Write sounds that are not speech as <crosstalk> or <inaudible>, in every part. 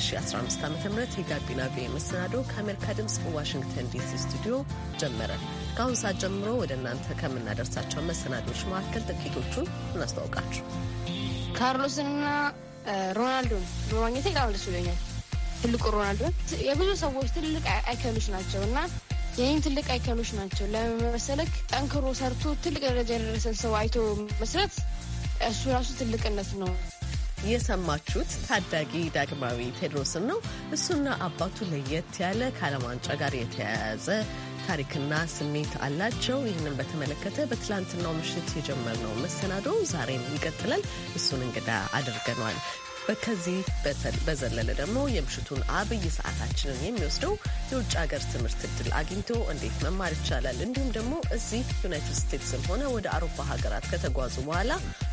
2015 ዓ ም የጋቢና ቪ መሰናዶ ከአሜሪካ ድምፅ ዋሽንግተን ዲሲ ስቱዲዮ ጀመረ። ከአሁን ሰዓት ጀምሮ ወደ እናንተ ከምናደርሳቸው መሰናዶች መካከል ጥቂቶቹን እናስተዋውቃችሁ። ካርሎስንና ሮናልዶን በማግኘት በጣም ደስ ብሎኛል። ትልቁ ሮናልዶን የብዙ ሰዎች ትልቅ አይከኖች ናቸው እና ይህም ትልቅ አይከኖች ናቸው ለመመሰለክ ጠንክሮ ሰርቶ ትልቅ ደረጃ የደረሰን ሰው አይቶ መስረት እሱ ራሱ ትልቅነት ነው። የሰማችሁት ታዳጊ ዳግማዊ ቴድሮስን ነው። እሱና አባቱ ለየት ያለ ከዓለም ዋንጫ ጋር የተያያዘ ታሪክና ስሜት አላቸው። ይህንን በተመለከተ በትላንትናው ምሽት የጀመርነው መሰናዶ ዛሬም ይቀጥላል። እሱን እንግዳ አድርገነዋል። ከዚህ በዘለለ ደግሞ የምሽቱን አብይ ሰዓታችንን የሚወስደው የውጭ ሀገር ትምህርት እድል አግኝቶ እንዴት መማር ይቻላል፣ እንዲሁም ደግሞ እዚህ ዩናይትድ ስቴትስም ሆነ ወደ አውሮፓ ሀገራት ከተጓዙ በኋላ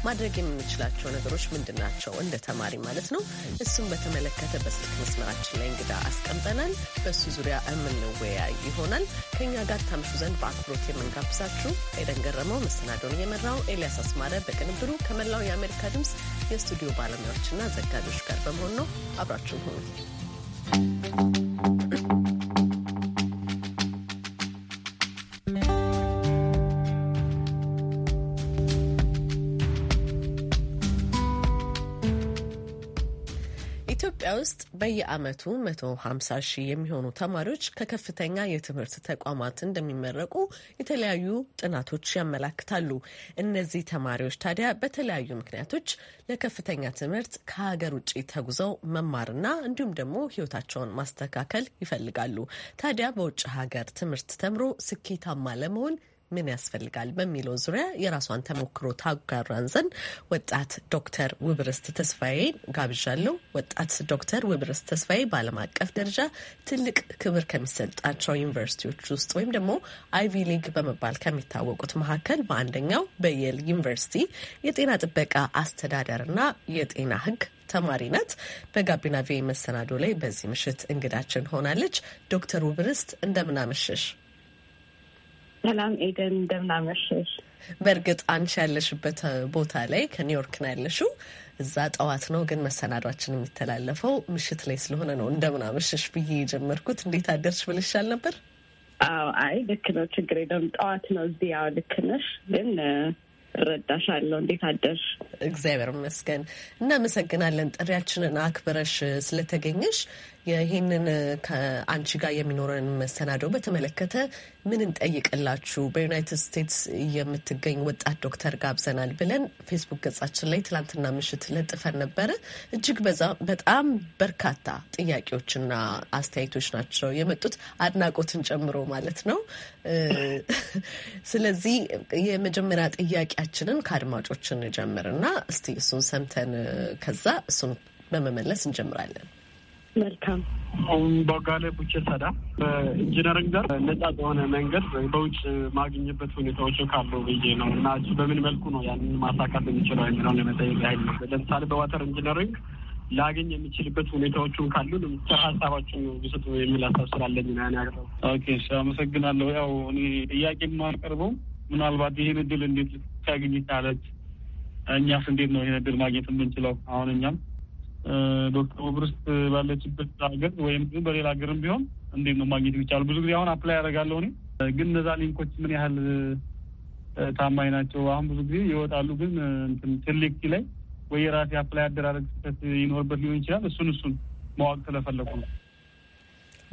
ማድረግ የምንችላቸው ነገሮች ምንድን ናቸው? እንደ ተማሪ ማለት ነው። እሱም በተመለከተ በስልክ መስመራችን ላይ እንግዳ አስቀምጠናል። በሱ ዙሪያ የምንወያይ ይሆናል። ከእኛ ጋር ታምሹ ዘንድ በአክብሮት የምንጋብዛችሁ ኤደን ገረመው፣ መሰናዶን የመራው ኤልያስ አስማረ በቅንብሩ ከመላው የአሜሪካ ድምፅ የስቱዲዮ ባለሙያዎችና ዘጋቢዎች ጋር በመሆን ነው። አብራችሁን ሆኑ። ኢትዮጵያ ውስጥ በየአመቱ 150 ሺህ የሚሆኑ ተማሪዎች ከከፍተኛ የትምህርት ተቋማት እንደሚመረቁ የተለያዩ ጥናቶች ያመላክታሉ። እነዚህ ተማሪዎች ታዲያ በተለያዩ ምክንያቶች ለከፍተኛ ትምህርት ከሀገር ውጭ ተጉዘው መማርና እንዲሁም ደግሞ ህይወታቸውን ማስተካከል ይፈልጋሉ። ታዲያ በውጭ ሀገር ትምህርት ተምሮ ስኬታማ ለመሆን ምን ያስፈልጋል በሚለው ዙሪያ የራሷን ተሞክሮ ታጋራን ዘንድ ወጣት ዶክተር ውብርስት ተስፋዬ ጋብዣለሁ። ወጣት ዶክተር ውብርስት ተስፋዬ በዓለም አቀፍ ደረጃ ትልቅ ክብር ከሚሰጣቸው ዩኒቨርሲቲዎች ውስጥ ወይም ደግሞ አይቪ ሊግ በመባል ከሚታወቁት መካከል በአንደኛው በየል ዩኒቨርሲቲ የጤና ጥበቃ አስተዳደርና የጤና ሕግ ናት። በጋቢና ቪ መሰናዶ ላይ በዚህ ምሽት እንግዳችን ሆናለች። ዶክተር ውብርስት እንደምናመሸሽ ሰላም ኤደን፣ እንደምናመሸሽ። በእርግጥ አንቺ ያለሽበት ቦታ ላይ ከኒውዮርክ ነው ያለሽው። እዛ ጠዋት ነው ግን መሰናዷችን የሚተላለፈው ምሽት ላይ ስለሆነ ነው እንደምናመሸሽ ብዬ የጀመርኩት። እንዴት አደርሽ ብልሻል ነበር። አይ ልክ ነው፣ ችግር የለም። ጠዋት ነው እዚህ። ያው ልክ ነሽ ግን እረዳሻለሁ። እንዴት አደርሽ? እግዚአብሔር ይመስገን። እናመሰግናለን ጥሪያችንን አክብረሽ ስለተገኘሽ። ይህንን ከአንቺ ጋር የሚኖረን መሰናደው በተመለከተ ምን እንጠይቅላችሁ? በዩናይትድ ስቴትስ የምትገኝ ወጣት ዶክተር ጋብዘናል ብለን ፌስቡክ ገጻችን ላይ ትላንትና ምሽት ለጥፈን ነበረ። እጅግ በጣም በርካታ ጥያቄዎችና አስተያየቶች ናቸው የመጡት አድናቆትን ጨምሮ ማለት ነው። ስለዚህ የመጀመሪያ ጥያቄያችንን ከአድማጮች እንጀምርና እስቲ እሱን ሰምተን ከዛ እሱን በመመለስ እንጀምራለን። መልካም በጋለ ቡቼ ሰዳ በኢንጂነሪንግ ጋር ነጻ በሆነ መንገድ በውጭ ማግኘበት ሁኔታዎች ካሉ ብዬ ነው እና በምን መልኩ ነው ያንን ማሳካት የሚችለው የሚለውን ለመጠየቅ ያህል ነው። ለምሳሌ በዋተር ኢንጂነሪንግ ላገኝ የሚችልበት ሁኔታዎቹን ካሉ ለምስር ሀሳባችን ውስጡ የሚል ሀሳብ ስላለኝ ና ያቅረው። ኦኬ አመሰግናለሁ። ያው እኔ ጥያቄ የማቀርበው ምናልባት ይህን እድል እንዴት ታገኝ ቻለች፣ እኛስ እንዴት ነው ይህን እድል ማግኘት የምንችለው አሁን እኛም ዶክተር ኦብርስት ባለችበት ሀገር ወይም በሌላ ሀገርም ቢሆን እንዴት ነው ማግኘት የሚቻሉ? ብዙ ጊዜ አሁን አፕላይ ያደርጋለሁ እኔ ግን እነዛ ሊንኮች ምን ያህል ታማኝ ናቸው? አሁን ብዙ ጊዜ ይወጣሉ፣ ግን ትልቅ ላይ ወይ የራሴ አፕላይ አደራረግ ስህተት ይኖርበት ሊሆን ይችላል። እሱን እሱን ማወቅ ስለፈለኩ ነው።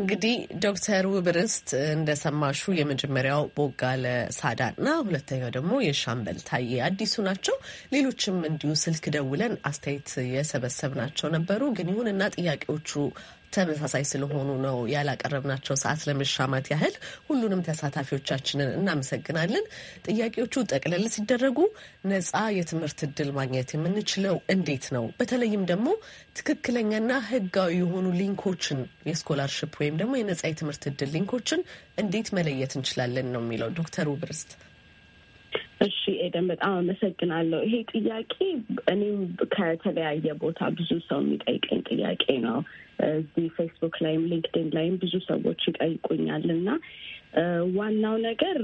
እንግዲህ ዶክተር ውብርስት እንደሰማሹ የመጀመሪያው ቦጋለ ሳዳና ሁለተኛው ደግሞ የሻምበል ታዬ አዲሱ ናቸው። ሌሎችም እንዲሁ ስልክ ደውለን አስተያየት የሰበሰብ ናቸው ነበሩ። ግን ይሁንና ጥያቄዎቹ ተመሳሳይ ስለሆኑ ነው ያላቀረብናቸው። ሰዓት ለመሻማት ያህል ሁሉንም ተሳታፊዎቻችንን እናመሰግናለን። ጥያቄዎቹ ጠቅለል ሲደረጉ ነጻ የትምህርት እድል ማግኘት የምንችለው እንዴት ነው? በተለይም ደግሞ ትክክለኛና ህጋዊ የሆኑ ሊንኮችን የስኮላርሽፕ ወይም ደግሞ የነፃ የትምህርት እድል ሊንኮችን እንዴት መለየት እንችላለን ነው የሚለው ዶክተር ውብርስት። እሺ ኤደን በጣም አመሰግናለሁ። ይሄ ጥያቄ እኔም ከተለያየ ቦታ ብዙ ሰው የሚጠይቀኝ ጥያቄ ነው። እዚህ ፌስቡክ ላይም ሊንክድን ላይም ብዙ ሰዎች ይጠይቁኛል እና ዋናው ነገር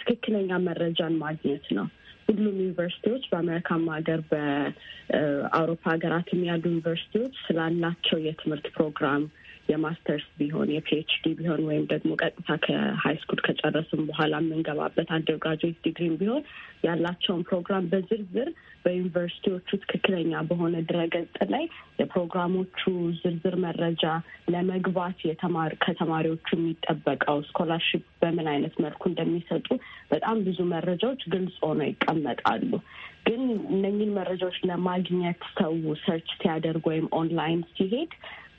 ትክክለኛ መረጃን ማግኘት ነው። ሁሉም ዩኒቨርሲቲዎች በአሜሪካም ሀገር በአውሮፓ ሀገራትም ያሉ ዩኒቨርሲቲዎች ስላላቸው የትምህርት ፕሮግራም የማስተርስ ቢሆን የፒኤችዲ ቢሆን ወይም ደግሞ ቀጥታ ከሀይ ስኩል ከጨረስም በኋላ የምንገባበት አንደርግራጁዌት ዲግሪም ቢሆን ያላቸውን ፕሮግራም በዝርዝር በዩኒቨርሲቲዎቹ ትክክለኛ በሆነ ድረገጽ ላይ የፕሮግራሞቹ ዝርዝር መረጃ ለመግባት የተማር ከተማሪዎቹ የሚጠበቀው ስኮላርሽፕ በምን አይነት መልኩ እንደሚሰጡ በጣም ብዙ መረጃዎች ግልጽ ሆነው ይቀመጣሉ። ግን እነኝን መረጃዎች ለማግኘት ሰው ሰርች ሲያደርግ ወይም ኦንላይን ሲሄድ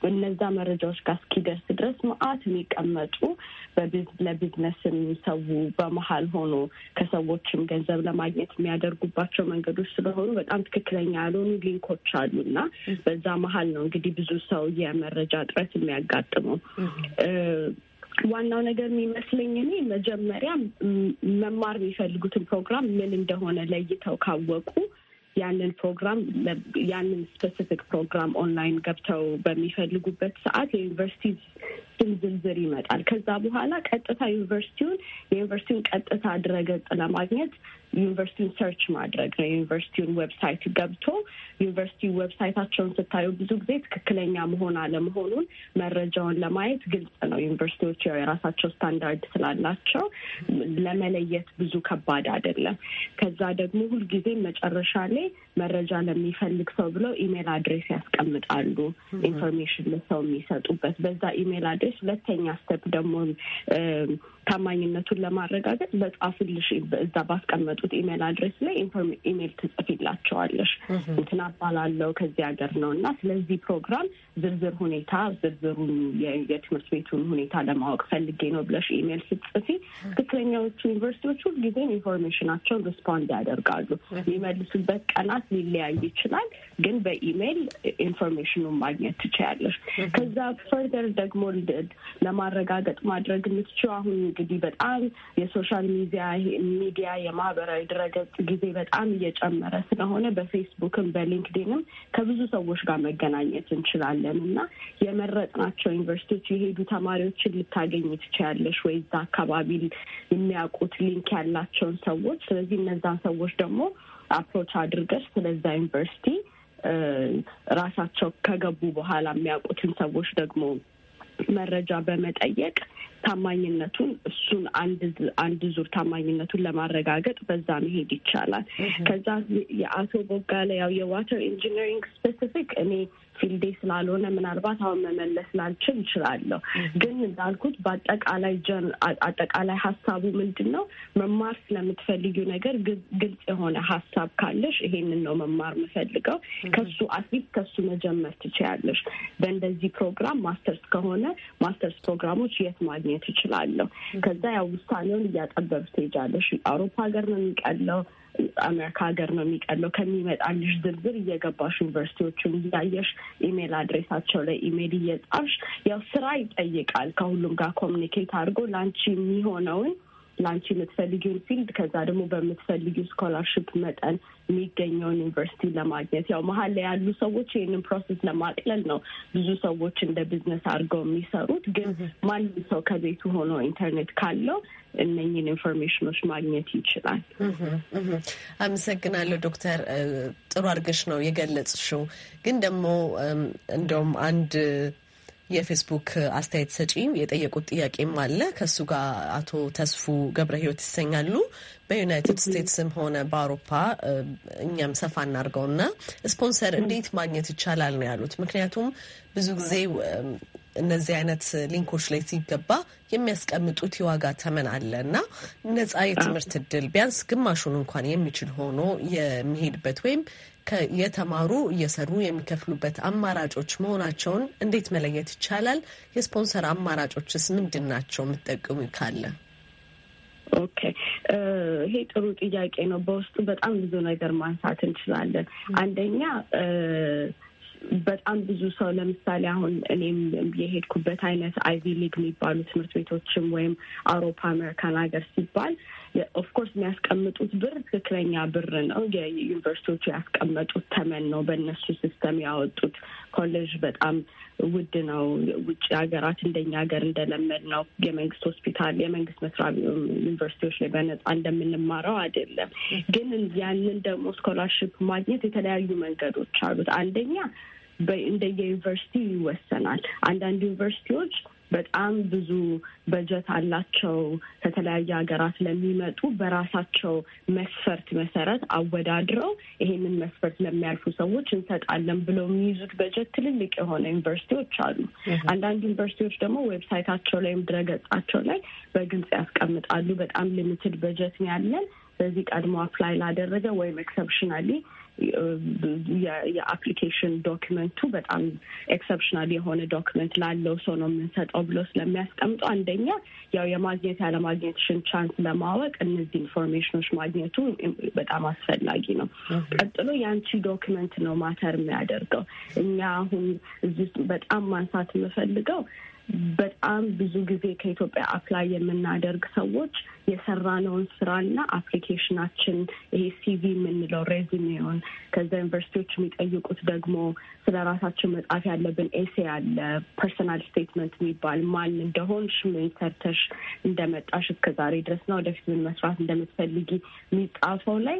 እነዛ መረጃዎች ጋር እስኪደርስ ድረስ መአት የሚቀመጡ ለቢዝነስም ሰው በመሀል ሆኖ ከሰዎችም ገንዘብ ለማግኘት የሚያደርጉባቸው መንገዶች ስለሆኑ በጣም ትክክለኛ ያልሆኑ ሊንኮች አሉ እና በዛ መሀል ነው እንግዲህ ብዙ ሰው የመረጃ እጥረት የሚያጋጥመው። ዋናው ነገር የሚመስለኝ እኔ መጀመሪያ መማር የሚፈልጉትን ፕሮግራም ምን እንደሆነ ለይተው ካወቁ ያንን ፕሮግራም ያንን ስፔሲፊክ ፕሮግራም ኦንላይን ገብተው በሚፈልጉበት ሰዓት የዩኒቨርሲቲ እድል ዝርዝር ይመጣል። ከዛ በኋላ ቀጥታ ዩኒቨርሲቲውን የዩኒቨርሲቲውን ቀጥታ ድረገጽ ለማግኘት ዩኒቨርሲቲውን ሰርች ማድረግ ነው። ዩኒቨርሲቲውን ዌብሳይት ገብቶ ዩኒቨርሲቲ ዌብሳይታቸውን ስታዩ ብዙ ጊዜ ትክክለኛ መሆን አለመሆኑን መረጃውን ለማየት ግልጽ ነው። ዩኒቨርሲቲዎች የራሳቸው ስታንዳርድ ስላላቸው ለመለየት ብዙ ከባድ አይደለም። ከዛ ደግሞ ሁልጊዜ መጨረሻ ላይ መረጃ ለሚፈልግ ሰው ብለው ኢሜል አድሬስ ያስቀምጣሉ። ኢንፎርሜሽን ለሰው የሚሰጡበት በዛ ኢሜል አድሬስ። ሁለተኛ ስተፕ ደግሞ ታማኝነቱን ለማረጋገጥ በጻፉልሽ እዛ ባስቀመጡት ኢሜል አድሬስ ላይ ኢሜል ትጽፊላቸዋለሽ። እንትን አባላለው ከዚህ ሀገር ነው እና ስለዚህ ፕሮግራም ዝርዝር ሁኔታ ዝርዝሩን የትምህርት ቤቱን ሁኔታ ለማወቅ ፈልጌ ነው ብለሽ ኢሜል ስትጽፊ ትክክለኛዎቹ ዩኒቨርሲቲዎች ሁልጊዜም ኢንፎርሜሽናቸውን ሪስፖንድ ያደርጋሉ። የሚመልሱበት ቀናት ሊለያይ ይችላል፣ ግን በኢሜይል ኢንፎርሜሽኑን ማግኘት ትችያለሽ። ከዛ ፈርደር ደግሞ ለማረጋገጥ ማድረግ የምትችው አሁን እንግዲህ በጣም የሶሻል ሚዲያ ሚዲያ የማህበራዊ ድረገጽ ጊዜ በጣም እየጨመረ ስለሆነ በፌስቡክም በሊንክዲንም ከብዙ ሰዎች ጋር መገናኘት እንችላለን እና የመረጥናቸው ዩኒቨርሲቲዎች የሄዱ ተማሪዎችን ልታገኝ ትችያለሽ ወይ እዛ አካባቢ የሚያውቁት ሊንክ ያላቸውን ሰዎች። ስለዚህ እነዛን ሰዎች ደግሞ አፕሮች አድርገሽ ስለዛ ዩኒቨርሲቲ ራሳቸው ከገቡ በኋላ የሚያውቁትን ሰዎች ደግሞ መረጃ በመጠየቅ ታማኝነቱን እሱን አንድ ዙር ታማኝነቱን ለማረጋገጥ በዛ መሄድ ይቻላል። ከዛ የአቶ ቦጋለ ያው የዋተር ኢንጂነሪንግ ስፔሲፊክ እኔ ፊልዴ ስላልሆነ ምናልባት አሁን መመለስ ላልችል እችላለሁ። ግን እንዳልኩት በአጠቃላይ አጠቃላይ ሀሳቡ ምንድን ነው? መማር ስለምትፈልጊው ነገር ግልጽ የሆነ ሀሳብ ካለሽ ይሄንን ነው መማር የምፈልገው ከሱ አትሊስት ከሱ መጀመር ትችያለሽ። በእንደዚህ ፕሮግራም ማስተርስ ከሆነ ማስተርስ ፕሮግራሞች የት ማግኘት እችላለሁ? ከዛ ያው ውሳኔውን እያጠበብ ትሄጃለሽ። አውሮፓ ሀገር ነው የሚቀለው አሜሪካ ሀገር ነው የሚቀለው ከሚመጣልሽ ዝርዝር እየገባሽ ዩኒቨርሲቲዎቹን እያየሽ ኢሜል አድሬሳቸው ላይ ኢሜል እየጻፍሽ ያው ስራ ይጠይቃል። ከሁሉም ጋር ኮሚኒኬት አድርጎ ለአንቺ የሚሆነውን ለአንቺ የምትፈልጊውን ፊልድ ከዛ ደግሞ በምትፈልጊው ስኮላርሽፕ መጠን የሚገኘውን ዩኒቨርሲቲ ለማግኘት ያው መሀል ላይ ያሉ ሰዎች ይህንን ፕሮሰስ ለማቅለል ነው ብዙ ሰዎች እንደ ቢዝነስ አድርገው የሚሰሩት። ግን ማንም ሰው ከቤቱ ሆኖ ኢንተርኔት ካለው እነኝን ኢንፎርሜሽኖች ማግኘት ይችላል። አመሰግናለሁ ዶክተር። ጥሩ አድርገሽ ነው የገለጽሽው። ግን ደግሞ እንደውም አንድ የፌስቡክ አስተያየት ሰጪ የጠየቁት ጥያቄም አለ። ከእሱ ጋር አቶ ተስፉ ገብረ ህይወት ይሰኛሉ። በዩናይትድ ስቴትስም ሆነ በአውሮፓ እኛም ሰፋ እናድርገውና ስፖንሰር እንዴት ማግኘት ይቻላል ነው ያሉት። ምክንያቱም ብዙ ጊዜ እነዚህ አይነት ሊንኮች ላይ ሲገባ የሚያስቀምጡት የዋጋ ተመን አለ እና ነጻ የትምህርት እድል ቢያንስ ግማሹን እንኳን የሚችል ሆኖ የሚሄድበት ወይም የተማሩ እየሰሩ የሚከፍሉበት አማራጮች መሆናቸውን እንዴት መለየት ይቻላል? የስፖንሰር አማራጮችስ ምንድን ናቸው? የምትጠቅሙ ካለ ኦኬ፣ ይሄ ጥሩ ጥያቄ ነው። በውስጡ በጣም ብዙ ነገር ማንሳት እንችላለን። አንደኛ በጣም ብዙ ሰው ለምሳሌ አሁን እኔም የሄድኩበት አይነት አይቪ ሊግ የሚባሉ ትምህርት ቤቶችም ወይም አውሮፓ አሜሪካን ሀገር ሲባል ኦፍኮርስ የሚያስቀምጡት ብር ትክክለኛ ብር ነው። የዩኒቨርሲቲዎቹ ያስቀመጡት ተመን ነው። በእነሱ ሲስተም ያወጡት ኮሌጅ በጣም ውድ ነው። ውጭ ሀገራት እንደኛ ሀገር እንደለመድ ነው የመንግስት ሆስፒታል፣ የመንግስት መስሪያ ዩኒቨርሲቲዎች ላይ በነጻ እንደምንማረው አይደለም። ግን ያንን ደግሞ ስኮላርሽፕ ማግኘት የተለያዩ መንገዶች አሉት። አንደኛ እንደ ዩኒቨርሲቲ ይወሰናል። አንዳንድ ዩኒቨርሲቲዎች በጣም ብዙ በጀት አላቸው። ከተለያየ ሀገራት ለሚመጡ በራሳቸው መስፈርት መሰረት አወዳድረው ይሄንን መስፈርት ለሚያልፉ ሰዎች እንሰጣለን ብለው የሚይዙት በጀት ትልልቅ የሆነ ዩኒቨርሲቲዎች አሉ። አንዳንድ ዩኒቨርሲቲዎች ደግሞ ዌብሳይታቸው ላይም ድረገጻቸው ላይ በግልጽ ያስቀምጣሉ። በጣም ሊሚትድ በጀት ያለን በዚህ ቀድሞ አፕላይ ላደረገ ወይም ኤክሰፕሽናሊ የአፕሊኬሽን ዶክመንቱ በጣም ኤክሰፕሽናል የሆነ ዶክመንት ላለው ሰው ነው የምንሰጠው ብሎ ስለሚያስቀምጡ አንደኛ ያው የማግኘት ያለማግኘትሽን ቻንስ ለማወቅ እነዚህ ኢንፎርሜሽኖች ማግኘቱ በጣም አስፈላጊ ነው። ቀጥሎ የአንቺ ዶክመንት ነው ማተር የሚያደርገው። እኛ አሁን እዚህ በጣም ማንሳት የምፈልገው በጣም ብዙ ጊዜ ከኢትዮጵያ አፕላይ የምናደርግ ሰዎች የሰራነውን ስራና አፕሊኬሽናችን ይሄ ሲቪ የምንለው ሬዝሜውን፣ ከዛ ዩኒቨርሲቲዎች የሚጠይቁት ደግሞ ስለ ራሳቸው መጻፍ ያለብን ኤሴ አለ፣ ፐርሰናል ስቴትመንት የሚባል ማን እንደሆንሽ፣ ምን ሰርተሽ እንደመጣሽ እስከዛሬ ድረስ ወደፊት ምን መስራት እንደምትፈልጊ የሚጻፈው ላይ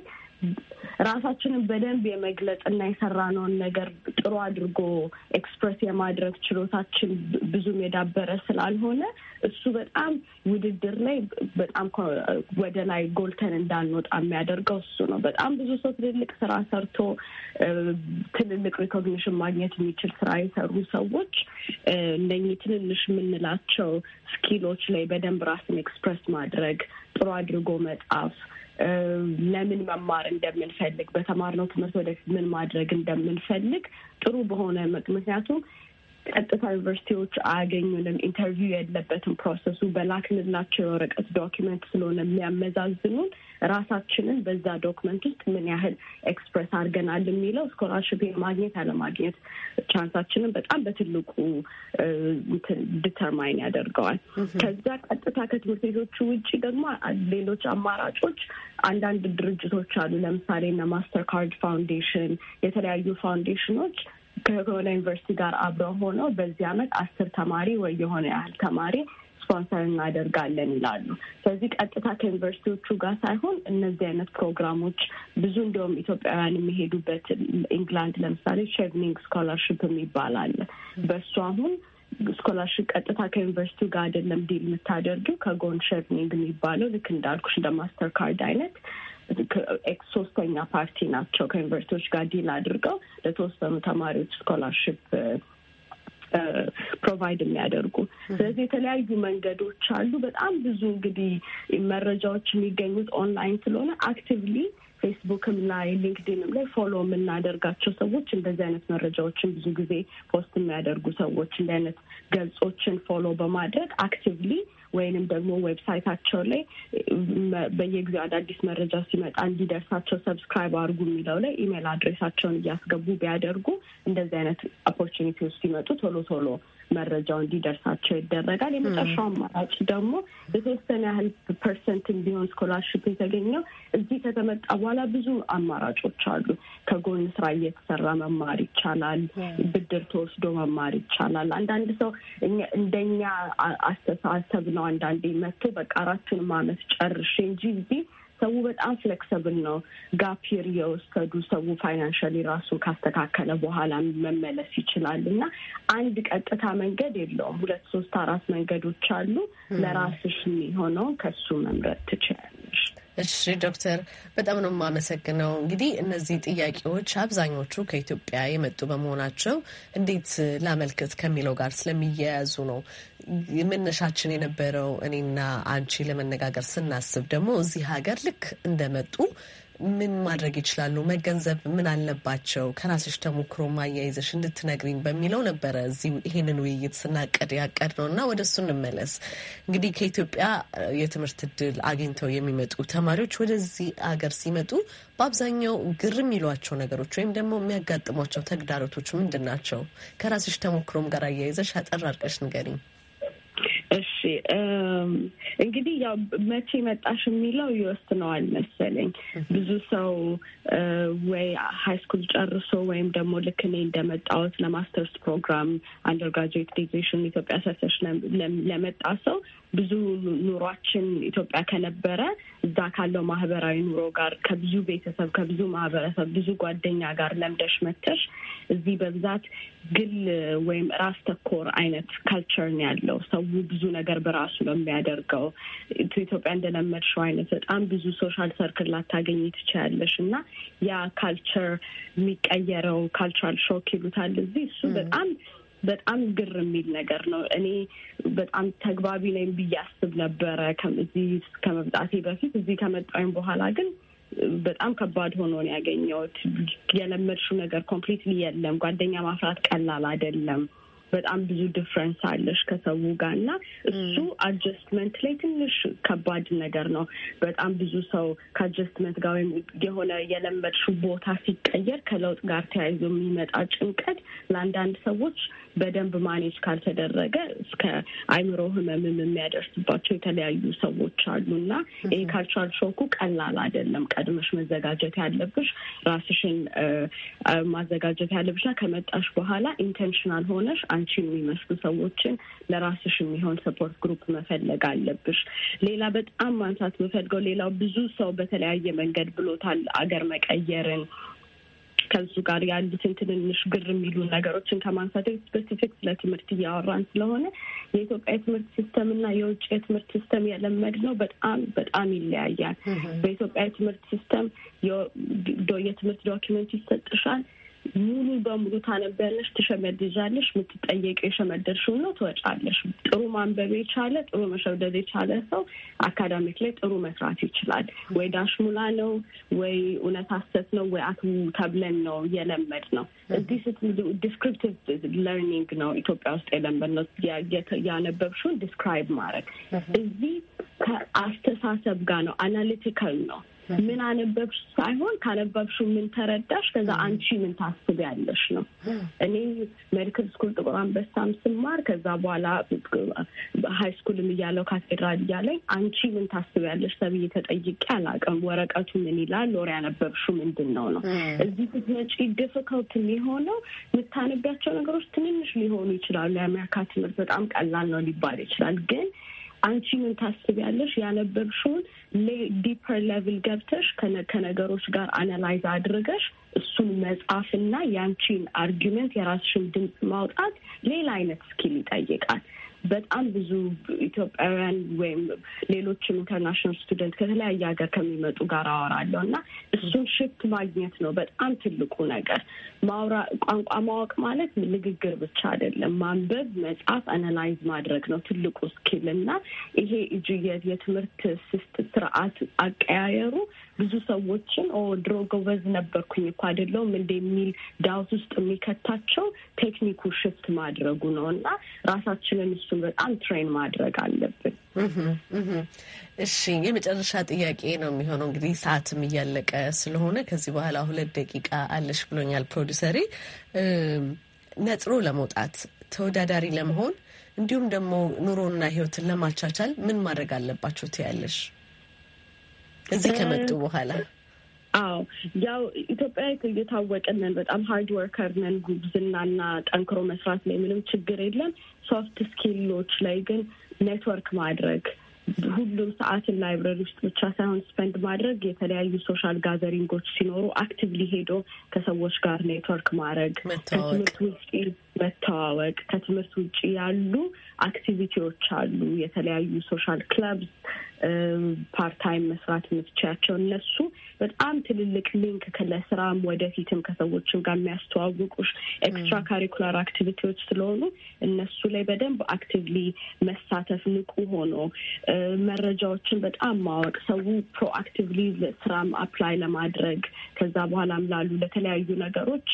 ራሳችንን በደንብ የመግለጽ እና የሰራነውን ነገር ጥሩ አድርጎ ኤክስፕረስ የማድረግ ችሎታችን ብዙም የዳበረ ስላልሆነ እሱ በጣም ውድድር ላይ በጣም ወደ ላይ ጎልተን እንዳንወጣ የሚያደርገው እሱ ነው። በጣም ብዙ ሰው ትልልቅ ስራ ሰርቶ ትልልቅ ሪኮግኒሽን ማግኘት የሚችል ስራ የሰሩ ሰዎች እነኚህ ትንንሽ የምንላቸው ስኪሎች ላይ በደንብ ራስን ኤክስፕረስ ማድረግ ጥሩ አድርጎ መጻፍ ለምን መማር እንደምንፈልግ በተማርነው ትምህርት ወደፊት ምን ማድረግ እንደምንፈልግ ጥሩ በሆነ ምክንያቱም ቀጥታ ዩኒቨርሲቲዎች አያገኙንም። ኢንተርቪው የለበትም። ፕሮሰሱ በላክንላቸው የወረቀት ዶኪመንት ስለሆነ የሚያመዛዝኑን ራሳችንን በዛ ዶክመንት ውስጥ ምን ያህል ኤክስፕሬስ አድርገናል የሚለው ስኮላርሽፕ የማግኘት አለማግኘት ቻንሳችንን በጣም በትልቁ ዲተርማይን ያደርገዋል። ከዛ ቀጥታ ከትምህርት ቤቶቹ ውጭ ደግሞ ሌሎች አማራጮች አንዳንድ ድርጅቶች አሉ። ለምሳሌ እነ ማስተር ካርድ ፋውንዴሽን፣ የተለያዩ ፋውንዴሽኖች ከጎላ ዩኒቨርሲቲ ጋር አብረው ሆኖ በዚህ አመት አስር ተማሪ ወይ የሆነ ያህል ተማሪ ስፖንሰር እናደርጋለን ይላሉ። ስለዚህ ቀጥታ ከዩኒቨርሲቲዎቹ ጋር ሳይሆን እነዚህ አይነት ፕሮግራሞች ብዙ እንዲሁም ኢትዮጵያውያን የሚሄዱበት ኢንግላንድ ለምሳሌ ሼቭኒንግ ስኮላርሽፕ የሚባል አለ። በእሱ አሁን ስኮላርሽፕ ቀጥታ ከዩኒቨርሲቲው ጋር አይደለም ዲል የምታደርጊው ከጎን ሸርኒንግ የሚባለው ልክ እንዳልኩሽ እንደ ማስተር ካርድ አይነት ሶስተኛ ፓርቲ ናቸው ከዩኒቨርሲቲዎች ጋር ዲል አድርገው ለተወሰኑ ተማሪዎች ስኮላርሽፕ ፕሮቫይድ የሚያደርጉ ስለዚህ የተለያዩ መንገዶች አሉ። በጣም ብዙ እንግዲህ መረጃዎች የሚገኙት ኦንላይን ስለሆነ አክቲቭሊ ፌስቡክም ላይ ሊንክዲንም ላይ ፎሎ የምናደርጋቸው ሰዎች እንደዚህ አይነት መረጃዎችን ብዙ ጊዜ ፖስት የሚያደርጉ ሰዎች እንደ አይነት ገጾችን ፎሎ በማድረግ አክቲቭሊ ወይንም ደግሞ ዌብሳይታቸው ላይ በየጊዜው አዳዲስ መረጃ ሲመጣ እንዲደርሳቸው ሰብስክራይብ አድርጉ የሚለው ላይ ኢሜል አድሬሳቸውን እያስገቡ ቢያደርጉ እንደዚህ አይነት ኦፖርቹኒቲዎች ሲመጡ ቶሎ ቶሎ መረጃው እንዲደርሳቸው ይደረጋል። የመጨረሻው አማራጭ ደግሞ የተወሰነ ያህል ፐርሰንትን ቢሆን ስኮላርሽፕ የተገኘው እዚህ ከተመጣ በኋላ ብዙ አማራጮች አሉ። ከጎን ስራ እየተሰራ መማር ይቻላል። ብድር ተወስዶ መማር ይቻላል። አንዳንድ ሰው እንደኛ አስተሳሰብ ነው አንዳንዴ መጥቶ በቃ አራቱንም አመት ጨርሼ እንጂ እዚህ ሰው በጣም ፍሌክሰብል ነው። ጋፒር የወሰዱ ሰው ፋይናንሻሊ ራሱ ካስተካከለ በኋላ መመለስ ይችላል እና አንድ ቀጥታ መንገድ የለውም። ሁለት ሶስት አራት መንገዶች አሉ። ለራስሽ የሚሆነው ከሱ መምረጥ ትችላለሽ። እሺ ዶክተር በጣም ነው የማመሰግነው። እንግዲህ እነዚህ ጥያቄዎች አብዛኞቹ ከኢትዮጵያ የመጡ በመሆናቸው እንዴት ላመልክት ከሚለው ጋር ስለሚያያዙ ነው መነሻችን የነበረው። እኔና አንቺ ለመነጋገር ስናስብ ደግሞ እዚህ ሀገር ልክ እንደመጡ ምን ማድረግ ይችላሉ? መገንዘብ ምን አለባቸው? ከራስሽ ተሞክሮ ማያይዘሽ እንድትነግሪኝ በሚለው ነበረ እዚህ ይህንን ውይይት ስናቀድ ያቀድ ነው እና ወደ እሱ እንመለስ። እንግዲህ ከኢትዮጵያ የትምህርት እድል አግኝተው የሚመጡ ተማሪዎች ወደዚህ አገር ሲመጡ በአብዛኛው ግር የሚሏቸው ነገሮች ወይም ደግሞ የሚያጋጥሟቸው ተግዳሮቶች ምንድን ናቸው? ከራስሽ ተሞክሮም ጋር አያይዘሽ አጠራርቀሽ ንገሪኝ። እሺ እንግዲህ ያው መቼ መጣሽ የሚለው ይወስነዋል መሰለኝ። ብዙ ሰው ወይ ሀይ ስኩል ጨርሶ ወይም ደግሞ ልክ እኔ እንደመጣሁት ለማስተርስ ፕሮግራም አንደርግራጁዌት ዲግሪሽን ኢትዮጵያ ሰርተሽ ለመጣ ሰው ብዙ ኑሯችን ኢትዮጵያ ከነበረ እዛ ካለው ማህበራዊ ኑሮ ጋር ከብዙ ቤተሰብ ከብዙ ማህበረሰብ ብዙ ጓደኛ ጋር ለምደሽ መተሽ እዚህ በብዛት ግል ወይም ራስ ተኮር አይነት ካልቸር ነው ያለው። ሰው ብዙ ነገር በራሱ ነው የሚያደርገው። ኢትዮጵያ እንደለመድሽው አይነት በጣም ብዙ ሶሻል ሰርክል ላታገኝ ትችያለሽ እና ያ ካልቸር የሚቀየረው ካልቸራል ሾክ ይሉታል እዚህ እሱ በጣም በጣም ግር የሚል ነገር ነው። እኔ በጣም ተግባቢ ነኝ ብዬ አስብ ነበረ እዚህ ከመምጣቴ በፊት። እዚህ ከመጣሁኝ በኋላ ግን በጣም ከባድ ሆኖ ነው ያገኘሁት። የለመድሽው ነገር ኮምፕሊትሊ የለም። ጓደኛ ማፍራት ቀላል አይደለም። በጣም ብዙ ዲፍረንስ አለሽ ከሰው ጋር እና እሱ አጀስትመንት ላይ ትንሽ ከባድ ነገር ነው። በጣም ብዙ ሰው ከአጀስትመንት ጋር ወይም የሆነ የለመድሽው ቦታ ሲቀየር ከለውጥ ጋር ተያይዞ የሚመጣ ጭንቀት ለአንዳንድ ሰዎች በደንብ ማኔጅ ካልተደረገ እስከ አይምሮ ህመምም የሚያደርስባቸው የተለያዩ ሰዎች አሉ እና ይህ ካልቸራል ሾኩ ቀላል አይደለም። ቀድመሽ መዘጋጀት ያለብሽ ራስሽን ማዘጋጀት ያለብሽ ከመጣሽ በኋላ ኢንቴንሽናል ሆነሽ አንቺ የሚመስሉ ሰዎችን ለራስሽ የሚሆን ሰፖርት ግሩፕ መፈለግ አለብሽ። ሌላ በጣም ማንሳት የምፈልገው ሌላው ብዙ ሰው በተለያየ መንገድ ብሎታል አገር መቀየርን ከዙ ጋር ያሉትን ትንንሽ ግር የሚሉ ነገሮችን ከማንሳት ስፔሲፊክ ስለ ትምህርት እያወራን ስለሆነ የኢትዮጵያ የትምህርት ሲስተም እና የውጭ የትምህርት ሲስተም የለመድ ነው በጣም በጣም ይለያያል። በኢትዮጵያ የትምህርት ሲስተም የትምህርት ዶክመንት ይሰጥሻል። ሙሉ በሙሉ ታነቢያለሽ፣ ትሸመድጃለሽ። የምትጠየቂው የሸመደድሽውን ነው፣ ትወጫለሽ። ጥሩ ማንበብ የቻለ ጥሩ መሸብደድ የቻለ ሰው አካዳሚክ ላይ ጥሩ መስራት ይችላል። ወይ ዳሽሙላ ነው፣ ወይ እውነት አሰት ነው፣ ወይ አክሙ ተብለን ነው የለመድ ነው። እዚህ ዲስክሪፕቲቭ ለርኒንግ ነው ኢትዮጵያ ውስጥ የለመድ ነው፣ ያነበብሽውን ዲስክራይብ ማድረግ። እዚህ ከአስተሳሰብ ጋር ነው፣ አናሊቲካል ነው። ምን አነበብሽ ሳይሆን ካነበብሹ ምን ተረዳሽ፣ ከዛ አንቺ ምን ታስብ ያለሽ ነው። እኔ ሜዲካል ስኩል ጥቁር አንበሳም ስማር ከዛ በኋላ ሀይ ስኩልም እያለው ካቴድራል እያለኝ አንቺ ምን ታስብ ያለሽ ተብዬ ተጠይቄ አላውቅም። ወረቀቱ ምን ይላል፣ ወር ያነበብሹ ምንድን ነው ነው። እዚህ ስትመጪ ዲፊካልት የሚሆነው የምታነቢያቸው ነገሮች ትንንሽ ሊሆኑ ይችላሉ። የአሜሪካ ትምህርት በጣም ቀላል ነው ሊባል ይችላል ግን አንቺ ምን ታስቢያለሽ? ያነበብሽውን ዲፐር ሌቭል ገብተሽ ከነገሮች ጋር አናላይዝ አድርገሽ እሱን መጻፍና ያንቺን አርጊመንት የራስሽን ድምፅ ማውጣት ሌላ አይነት ስኪል ይጠይቃል። በጣም ብዙ ኢትዮጵያውያን ወይም ሌሎች ኢንተርናሽናል ስቱደንት ከተለያየ ሀገር ከሚመጡ ጋር አወራለሁ እና እሱን ሽፍት ማግኘት ነው በጣም ትልቁ ነገር። ማውራ ቋንቋ ማወቅ ማለት ንግግር ብቻ አይደለም። ማንበብ፣ መጻፍ፣ አናላይዝ ማድረግ ነው ትልቁ ስኪል እና ይሄ እጅ የትምህርት ስስት ስርዓት አቀያየሩ ብዙ ሰዎችን ድሮ ጎበዝ ነበርኩኝ እኮ አይደለሁም እንደ የሚል ዳውት ውስጥ የሚከታቸው ቴክኒኩ ሽፍት ማድረጉ ነው እና ራሳችንን እሱ እሱን በጣም ትሬን ማድረግ አለብን። እሺ፣ የመጨረሻ ጥያቄ ነው የሚሆነው እንግዲህ ሰዓትም እያለቀ ስለሆነ ከዚህ በኋላ ሁለት ደቂቃ አለሽ ብሎኛል ፕሮዲሰሪ። ነጥሮ ለመውጣት ተወዳዳሪ ለመሆን እንዲሁም ደግሞ ኑሮና ህይወትን ለማቻቻል ምን ማድረግ አለባቸው ትያለሽ? እዚህ ከመጡ በኋላ አዎ ያው ኢትዮጵያ እየታወቅን ነን። በጣም ሀርድ ወርከር ነን። ጉብዝናና ጠንክሮ መስራት ላይ ምንም ችግር የለም። ሶፍት ስኪሎች ላይ ግን ኔትወርክ ማድረግ ሁሉም ሰዓትን ላይብረሪ ውስጥ ብቻ ሳይሆን ስፔንድ ማድረግ የተለያዩ ሶሻል ጋዘሪንጎች ሲኖሩ አክቲቭሊ ሄዶ ከሰዎች ጋር ኔትወርክ ማድረግ፣ ከትምህርት ውጭ መተዋወቅ፣ ከትምህርት ውጭ ያሉ አክቲቪቲዎች አሉ። የተለያዩ ሶሻል ክለብስ ፓርታይም መስራት የምትችላቸው እነሱ በጣም ትልልቅ ሊንክ ከለስራም ወደፊትም ከሰዎችም ጋር የሚያስተዋውቁሽ ኤክስትራ ካሪኩላር አክቲቪቲዎች ስለሆኑ እነሱ ላይ በደንብ አክቲቭሊ መሳተፍ፣ ንቁ ሆኖ መረጃዎችን በጣም ማወቅ፣ ሰው ፕሮአክቲቭሊ ስራም አፕላይ ለማድረግ ከዛ በኋላም ላሉ ለተለያዩ ነገሮች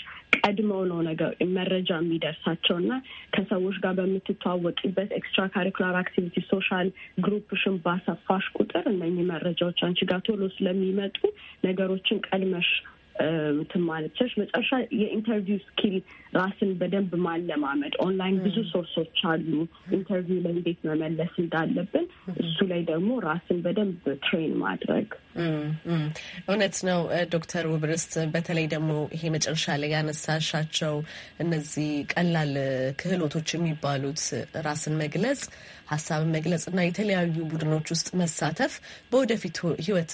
ቀድመው ነው ነገር መረጃ የሚደርሳቸው እና ከሰዎች ጋር በምትተዋወቂበት ኤክስትራ ካሪኩላር አክቲቪቲ ሶሻል ግሩፕሽን ባሰፋሽ ቁጥር እነኚህ መረጃዎች አንቺ ጋር ቶሎ ስለሚመጡ ነገሮችን ቀድመሽ እንትን ማለት መጨረሻ የኢንተርቪው ስኪል ራስን በደንብ ማለማመድ፣ ኦንላይን ብዙ ሶርሶች አሉ ኢንተርቪው ላይ እንዴት መመለስ እንዳለብን፣ እሱ ላይ ደግሞ ራስን በደንብ ትሬን ማድረግ እውነት ነው። ዶክተር ውብርስት በተለይ ደግሞ ይሄ መጨረሻ ላይ ያነሳሻቸው እነዚህ ቀላል ክህሎቶች የሚባሉት ራስን መግለጽ፣ ሀሳብን መግለጽ እና የተለያዩ ቡድኖች ውስጥ መሳተፍ በወደፊት ህይወት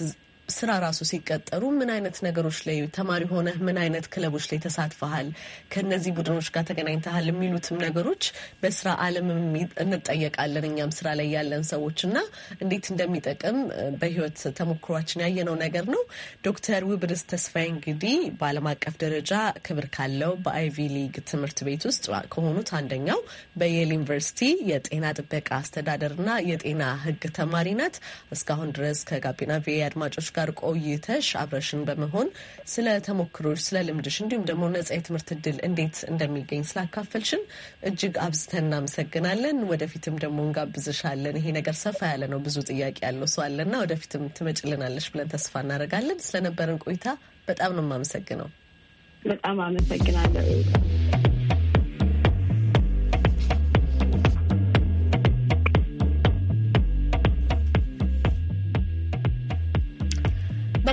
ስራ ራሱ ሲቀጠሩ ምን አይነት ነገሮች ላይ ተማሪ ሆነህ ምን አይነት ክለቦች ላይ ተሳትፈሃል፣ ከነዚህ ቡድኖች ጋር ተገናኝተሃል የሚሉትም ነገሮች በስራ አለም እንጠየቃለን። እኛም ስራ ላይ ያለን ሰዎች እና እንዴት እንደሚጠቅም በህይወት ተሞክሯችን ያየነው ነገር ነው። ዶክተር ውብርስ ተስፋዬ እንግዲህ በአለም አቀፍ ደረጃ ክብር ካለው በአይቪ ሊግ ትምህርት ቤት ውስጥ ከሆኑት አንደኛው በየል ዩኒቨርሲቲ የጤና ጥበቃ አስተዳደርና የጤና ህግ ተማሪ ናት። እስካሁን ድረስ ከጋቢና ቪ አድማጮች ጋር ቆይተሽ አብረሽን በመሆን ስለ ተሞክሮች፣ ስለ ልምድሽ እንዲሁም ደግሞ ነጻ የትምህርት እድል እንዴት እንደሚገኝ ስላካፈልሽን እጅግ አብዝተን እናመሰግናለን። ወደፊትም ደግሞ እንጋብዝሻለን። ይሄ ነገር ሰፋ ያለ ነው፣ ብዙ ጥያቄ ያለው ሰው አለና ወደፊትም ትመጭልናለሽ ብለን ተስፋ እናደርጋለን። ስለነበረን ቆይታ በጣም ነው የማመሰግነው። በጣም አመሰግናለሁ።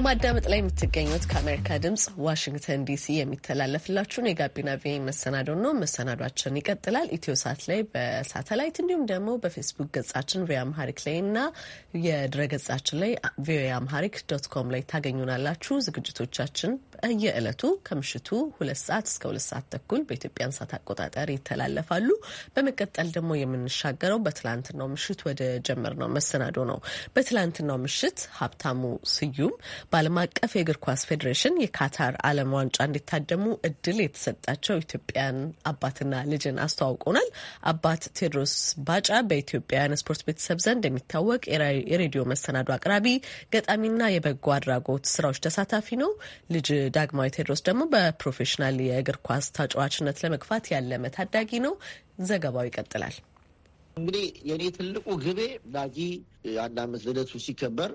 በማዳመጥ ላይ የምትገኙት ከአሜሪካ ድምጽ ዋሽንግተን ዲሲ የሚተላለፍላችሁን የጋቢና ቪ መሰናዶን ነው። መሰናዷችን ይቀጥላል። ኢትዮ ሳት ላይ በሳተላይት እንዲሁም ደግሞ በፌስቡክ ገጻችን ቪኦኤ አምሃሪክ ላይ እና የድረ ገጻችን ላይ ቪኦኤ አምሃሪክ ዶት ኮም ላይ ታገኙናላችሁ። ዝግጅቶቻችን በየዕለቱ ከምሽቱ ሁለት ሰዓት እስከ ሁለት ሰዓት ተኩል በኢትዮጵያን ሰዓት አቆጣጠር ይተላለፋሉ። በመቀጠል ደግሞ የምንሻገረው በትላንትናው ምሽት ወደ ጀመርነው መሰናዶ ነው። በትላንትናው ምሽት ሀብታሙ ስዩም በዓለም አቀፍ የእግር ኳስ ፌዴሬሽን የካታር ዓለም ዋንጫ እንዲታደሙ እድል የተሰጣቸው ኢትዮጵያን አባትና ልጅን አስተዋውቀናል። አባት ቴዎድሮስ ባጫ በኢትዮጵያውያን ስፖርት ቤተሰብ ዘንድ የሚታወቅ የሬዲዮ መሰናዶ አቅራቢ፣ ገጣሚና የበጎ አድራጎት ስራዎች ተሳታፊ ነው። ልጅ ዳግማዊ ቴዎድሮስ ደግሞ በፕሮፌሽናል የእግር ኳስ ተጫዋችነት ለመግፋት ያለመ ታዳጊ ነው። ዘገባው ይቀጥላል። እንግዲህ የእኔ ትልቁ ግቤ ዳጊ አንድ አመት ልደቱ ሲከበር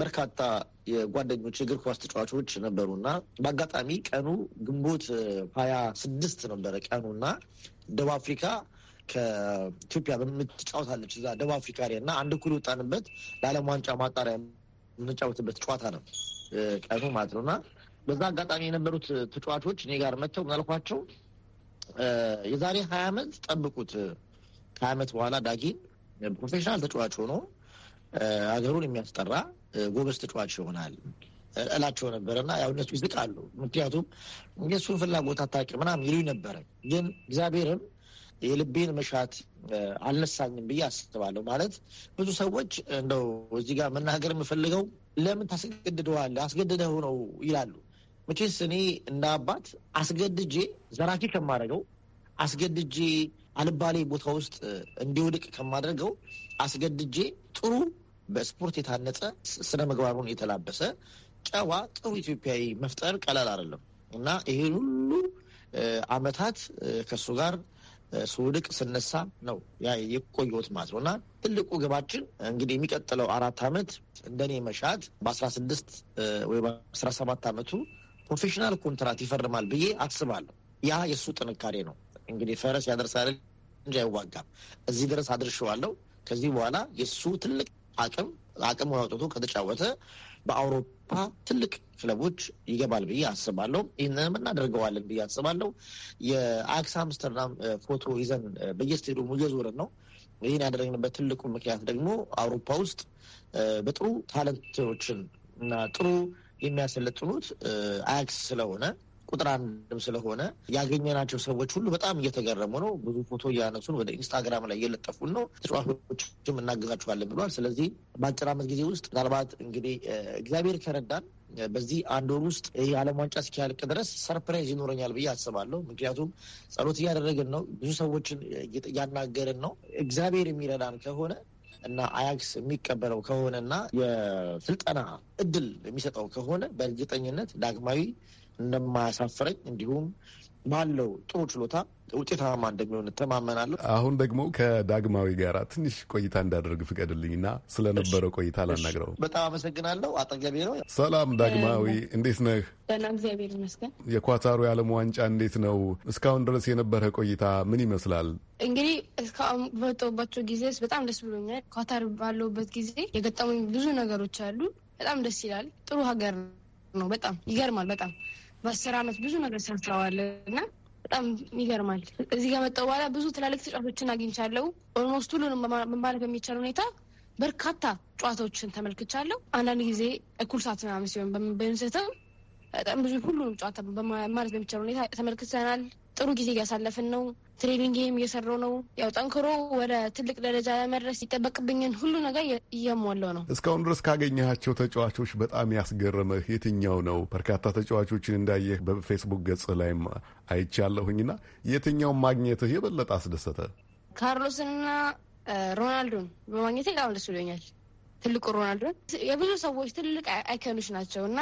በርካታ የጓደኞች የእግር ኳስ ተጫዋቾች ነበሩና በአጋጣሚ ቀኑ ግንቦት ሀያ ስድስት ነበረ ቀኑና ደቡብ አፍሪካ ከኢትዮጵያ በምትጫወታለች እዛ ደቡብ አፍሪካ ላይ እና አንድ እኩል የወጣንበት ለዓለም ዋንጫ ማጣሪያ የምንጫወትበት ጨዋታ ነው ቀኑ ማለት ነው እና በዛ አጋጣሚ የነበሩት ተጫዋቾች እኔ ጋር መጥተው ምናልኳቸው የዛሬ ሀያ ዓመት ጠብቁት ከሀያ ዓመት በኋላ ዳጊ ፕሮፌሽናል ተጫዋች ሆኖ ሀገሩን የሚያስጠራ ጎበዝ ተጫዋች ይሆናል እላቸው ነበረ እና ያው እነሱ ይዝቃሉ። ምክንያቱም የእሱን ፍላጎት አታውቂ ምናምን ይሉኝ ነበረ። ግን እግዚአብሔርም የልቤን መሻት አልነሳኝም ብዬ አስባለሁ። ማለት ብዙ ሰዎች እንደው እዚህ ጋር መናገር የምፈልገው ለምን ታስገድደዋለህ አስገድደው ነው ይላሉ። መቼስ እኔ እንደ አባት አስገድጄ ዘራፊ ከማደርገው አስገድጄ አልባሌ ቦታ ውስጥ እንዲወድቅ ከማድረገው አስገድጄ ጥሩ በስፖርት የታነጸ ስነ ምግባሩን የተላበሰ ጨዋ ጥሩ ኢትዮጵያዊ መፍጠር ቀላል አይደለም እና ይሄን ሁሉ አመታት ከእሱ ጋር ስውድቅ ስነሳ ነው የቆየሁት ማለት ነው እና ትልቁ ግባችን እንግዲህ የሚቀጥለው አራት ዓመት እንደኔ መሻት በአስራ ስድስት ወይ በአስራ ሰባት ዓመቱ ፕሮፌሽናል ኮንትራት ይፈርማል ብዬ አስባለሁ። ያ የእሱ ጥንካሬ ነው። እንግዲህ ፈረስ ያደርሳል እንጂ አይዋጋም። እዚህ ድረስ አድርሸዋለሁ። ከዚህ በኋላ የእሱ ትልቅ አቅም አቅም አውጥቶ ከተጫወተ በአውሮፓ ትልቅ ክለቦች ይገባል ብዬ አስባለሁ። ይህንንም እናደርገዋለን ብዬ አስባለሁ። የአክስ አምስተርዳም ፎቶ ይዘን በየስቴዲየሙ እየዞርን ነው። ይህን ያደረግንበት ትልቁ ምክንያት ደግሞ አውሮፓ ውስጥ በጥሩ ታለንቶችን እና ጥሩ የሚያሰለጥኑት አያክስ ስለሆነ ቁጥር አንድም ስለሆነ ያገኘናቸው ሰዎች ሁሉ በጣም እየተገረሙ ነው። ብዙ ፎቶ እያነሱን ወደ ኢንስታግራም ላይ እየለጠፉን ነው። ተጫዋቾችም እናገዛችኋለን ብሏል። ስለዚህ በአጭር ዓመት ጊዜ ውስጥ ምናልባት እንግዲህ እግዚአብሔር ከረዳን በዚህ አንድ ወር ውስጥ የዓለም ዋንጫ እስኪያልቅ ድረስ ሰርፕራይዝ ይኖረኛል ብዬ አስባለሁ። ምክንያቱም ጸሎት እያደረግን ነው፣ ብዙ ሰዎችን እያናገርን ነው። እግዚአብሔር የሚረዳን ከሆነ እና አያክስ የሚቀበለው ከሆነ እና የስልጠና እድል የሚሰጠው ከሆነ በእርግጠኝነት ዳግማዊ እንደማያሳፍረኝ እንዲሁም ባለው ጥሩ ችሎታ ውጤታማ እንደሚሆን እተማመናለሁ። አሁን ደግሞ ከዳግማዊ ጋር ትንሽ ቆይታ እንዳደርግ ፍቀድልኝና ስለነበረው ቆይታ ላናግረው። በጣም አመሰግናለሁ። አጠገቤ ነው። ሰላም ዳግማዊ፣ እንዴት ነህ? ደህና፣ እግዚአብሔር ይመስገን። የኳታሩ የዓለም ዋንጫ እንዴት ነው? እስካሁን ድረስ የነበረ ቆይታ ምን ይመስላል? እንግዲህ እስካሁን በወጣሁባቸው ጊዜ በጣም ደስ ብሎኛል። ኳታር ባለሁበት ጊዜ የገጠሙኝ ብዙ ነገሮች አሉ። በጣም ደስ ይላል። ጥሩ ሀገር ነው። በጣም ይገርማል። በጣም በአስር አመት ብዙ ነገር ሰርተዋል እና በጣም ይገርማል። እዚህ ከመጣሁ በኋላ ብዙ ትላልቅ ተጫዋቾችን አግኝቻለሁ። ኦልሞስት ሁሉንም ማለት በሚቻል ሁኔታ በርካታ ጨዋታዎችን ተመልክቻለሁ። አንዳንድ ጊዜ እኩል ሰዓት ምናምን ሲሆን በምንስተም በጣም ብዙ ሁሉንም ጨዋታ ማለት በሚቻል ሁኔታ ተመልክተናል። ጥሩ ጊዜ እያሳለፍን ነው። ይህም እየሰራው ነው። ያው ጠንክሮ ወደ ትልቅ ደረጃ ለመድረስ ይጠበቅብኝን ሁሉ ነገር እየሟለው ነው። እስካሁን ድረስ ካገኘሃቸው ተጫዋቾች በጣም ያስገረመህ የትኛው ነው? በርካታ ተጫዋቾችን እንዳየህ በፌስቡክ ገጽ ላይም አይቻለሁኝና የትኛውን ማግኘትህ የበለጠ አስደሰተ? ካርሎስንና ሮናልዶን በማግኘት በጣም ደስ ብሎኛል። ትልቁ ሮናልዶን የብዙ ሰዎች ትልቅ አይከኖች ናቸው እና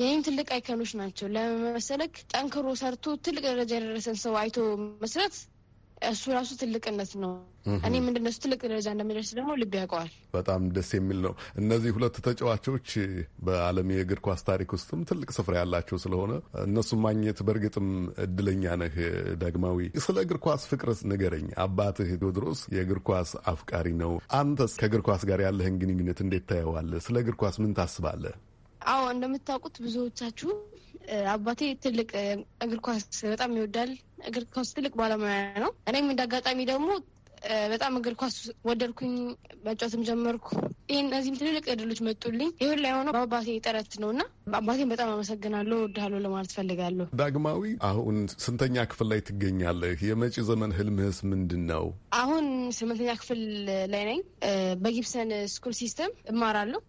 ይህም ትልቅ አይከኖች ናቸው። ለመመሰለክ ጠንክሮ ሰርቶ ትልቅ ደረጃ የደረሰን ሰው አይቶ መስረት እሱ ራሱ ትልቅነት ነው። እኔ ምንድነሱ ትልቅ ደረጃ እንደሚደርስ ደግሞ ልብ ያውቀዋል። በጣም ደስ የሚል ነው። እነዚህ ሁለት ተጫዋቾች በዓለም የእግር ኳስ ታሪክ ውስጥም ትልቅ ስፍራ ያላቸው ስለሆነ እነሱም ማግኘት በእርግጥም እድለኛ ነህ። ዳግማዊ፣ ስለ እግር ኳስ ፍቅርስ ንገረኝ። አባትህ ቴዎድሮስ የእግር ኳስ አፍቃሪ ነው። አንተስ ከእግር ኳስ ጋር ያለህን ግንኙነት እንዴት ታየዋለህ? ስለ እግር ኳስ ምን ታስባለህ? አዎ እንደምታውቁት ብዙዎቻችሁ አባቴ ትልቅ እግር ኳስ በጣም ይወዳል። እግር ኳስ ትልቅ ባለሙያ ነው። እኔም እንደ አጋጣሚ ደግሞ በጣም እግር ኳስ ወደድኩኝ፣ መጫወትም ጀመርኩ። ይህ እነዚህም ትልልቅ እድሎች መጡልኝ። ይህ ላይ ሆነው በአባቴ ጥረት ነው እና አባቴን በጣም አመሰግናለሁ፣ እወድሃለሁ ለማለት ፈልጋለሁ። ዳግማዊ፣ አሁን ስንተኛ ክፍል ላይ ትገኛለህ? የመጪ ዘመን ህልምህስ ምንድን ነው? አሁን ስምንተኛ ክፍል ላይ ነኝ። በጊብሰን ስኩል ሲስተም እማራለሁ።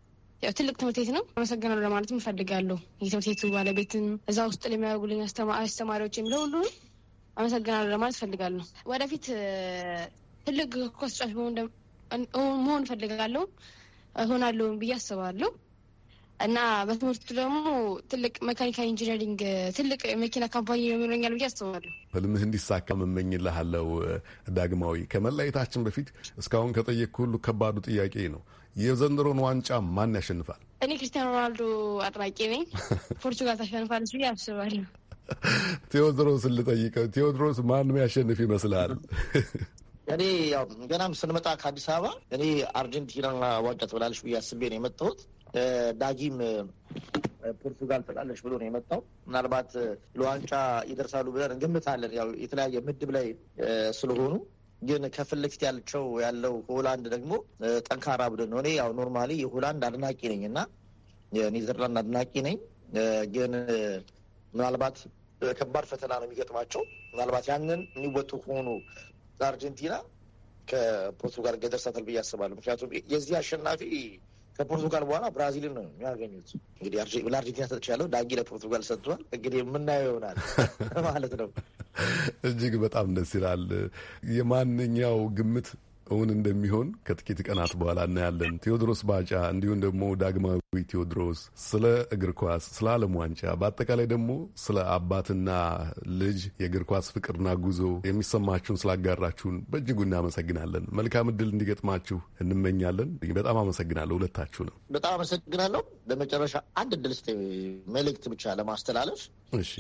ያው ትልቅ ትምህርት ቤት ነው። አመሰግናለሁ ለማለትም እፈልጋለሁ የትምህርት ቤቱ ባለቤትም እዛ ውስጥ ለሚያደርጉልኝ አስተማሪዎች የሚለው ሁሉ አመሰግናለሁ ለማለት እፈልጋለሁ። ወደፊት ትልቅ ኳስ መሆን እፈልጋለሁ እሆናለሁ ብዬ አስባለሁ። እና በትምህርቱ ደግሞ ትልቅ መካኒካል ኢንጂነሪንግ ትልቅ መኪና ካምፓኒ ይኖረኛል ብዬ አስባለሁ። ህልምህ እንዲሳካ መመኝልሃለው። ዳግማዊ ከመለያየታችን በፊት እስካሁን ከጠየቅኩ ሁሉ ከባዱ ጥያቄ ነው። የዘንድሮን ዋንጫ ማን ያሸንፋል? እኔ ክርስቲያኖ ሮናልዶ አጥናቂ ነኝ። <laughs> ፖርቹጋል ታሸንፋለች ብዬ አስባለሁ። ቴዎድሮስ ልጠይቀው። ቴዎድሮስ ማንም ያሸንፍ ይመስልሃል? እኔ ያው ገናም ስንመጣ ከአዲስ አበባ እኔ አርጀንቲና ዋንጫ ትብላለች ብዬ አስቤ ነው የመጣሁት። ዳጊም ፖርቱጋል ትላለች ብሎ ነው የመጣው። ምናልባት ለዋንጫ ይደርሳሉ ብለን እንገምታለን። ያው የተለያየ ምድብ ላይ ስለሆኑ ግን ከፊት ለፊት ያለቸው ያለው ሆላንድ ደግሞ ጠንካራ ቡድን ነው። እኔ ያው ኖርማሊ የሆላንድ አድናቂ ነኝ እና የኔዘርላንድ አድናቂ ነኝ። ግን ምናልባት ከባድ ፈተና ነው የሚገጥማቸው። ምናልባት ያንን የሚወጡ ከሆኑ አርጀንቲና ከፖርቱጋል ጋር ይደርሳታል ብዬ አስባለሁ። ምክንያቱም የዚህ አሸናፊ ከፖርቱጋል በኋላ ብራዚልን ነው የሚያገኙት። እንግዲህ ለአርጀንቲና ሰጥቻለሁ፣ ዳጊ ለፖርቱጋል ሰጥቷል። እንግዲህ የምናየው ይሆናል <laughs> ማለት ነው። እጅግ በጣም ደስ ይላል። የማንኛው ግምት እውን እንደሚሆን ከጥቂት ቀናት በኋላ እናያለን። ቴዎድሮስ ባጫ እንዲሁም ደግሞ ዳግማዊ ቴዎድሮስ ስለ እግር ኳስ፣ ስለ ዓለም ዋንጫ፣ በአጠቃላይ ደግሞ ስለ አባትና ልጅ የእግር ኳስ ፍቅርና ጉዞ የሚሰማችሁን ስላጋራችሁን በእጅጉ እናመሰግናለን። መልካም እድል እንዲገጥማችሁ እንመኛለን። በጣም አመሰግናለሁ። ሁለታችሁ ነው። በጣም አመሰግናለሁ። ለመጨረሻ አንድ እድል ስ መልእክት ብቻ ለማስተላለፍ እሺ፣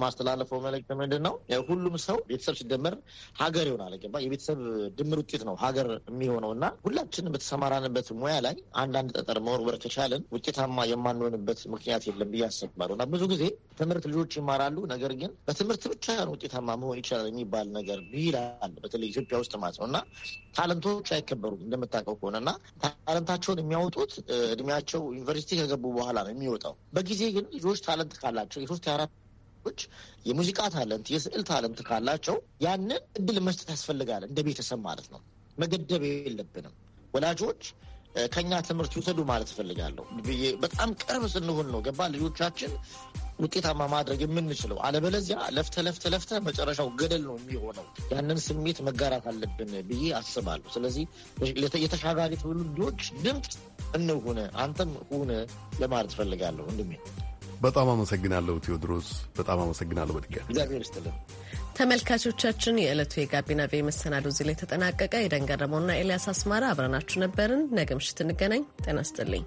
ማስተላለፈው መልእክት ምንድን ነው? ሁሉም ሰው ቤተሰብ ሲደመር ሀገር ይሆናል። የቤተሰብ ድምር ውጤት ነው ነው ሀገር የሚሆነው እና ሁላችንም በተሰማራንበት ሙያ ላይ አንዳንድ ጠጠር መወርወር ከቻለን ውጤታማ የማንሆንበት ምክንያት የለም ብዬ አስባለሁ እና ብዙ ጊዜ ትምህርት ልጆች ይማራሉ፣ ነገር ግን በትምህርት ብቻ ያን ውጤታማ መሆን ይቻላል የሚባል ነገር ቢላል በተለይ ኢትዮጵያ ውስጥ ማለት ነው እና ታለንቶች አይከበሩም እንደምታውቀው ከሆነ እና ታለንታቸውን የሚያወጡት እድሜያቸው ዩኒቨርሲቲ ከገቡ በኋላ ነው የሚወጣው። በጊዜ ግን ልጆች ታለንት ካላቸው የሶስት የአራት ሰዎች የሙዚቃ ታለንት፣ የስዕል ታለንት ካላቸው ያንን እድል መስጠት ያስፈልጋል እንደ ቤተሰብ ማለት ነው። መገደብ የለብንም። ወላጆች ከኛ ትምህርት ይውሰዱ ማለት እፈልጋለሁ ብዬ በጣም ቅርብ ስንሆን ነው ገባ ልጆቻችን ውጤታማ ማድረግ የምንችለው። አለበለዚያ ለፍተ ለፍተ ለፍተ መጨረሻው ገደል ነው የሚሆነው። ያንን ስሜት መጋራት አለብን ብዬ አስባለሁ። ስለዚህ የተሻጋሪ ትውልዶች ድምፅ እንሁን፣ አንተም ሁን ለማለት እፈልጋለሁ ወንድሜ። በጣም አመሰግናለሁ ቴዎድሮስ፣ በጣም አመሰግናለሁ። በድጋሚ እግዚአብሔር ይስጥልን። ተመልካቾቻችን የዕለቱ የጋቢና ቤ መሰናዶ እዚህ ላይ ተጠናቀቀ። የደንገረመውና ኤልያስ አስማራ አብረናችሁ ነበርን። ነገ ምሽት እንገናኝ። ጤና ይስጥልኝ።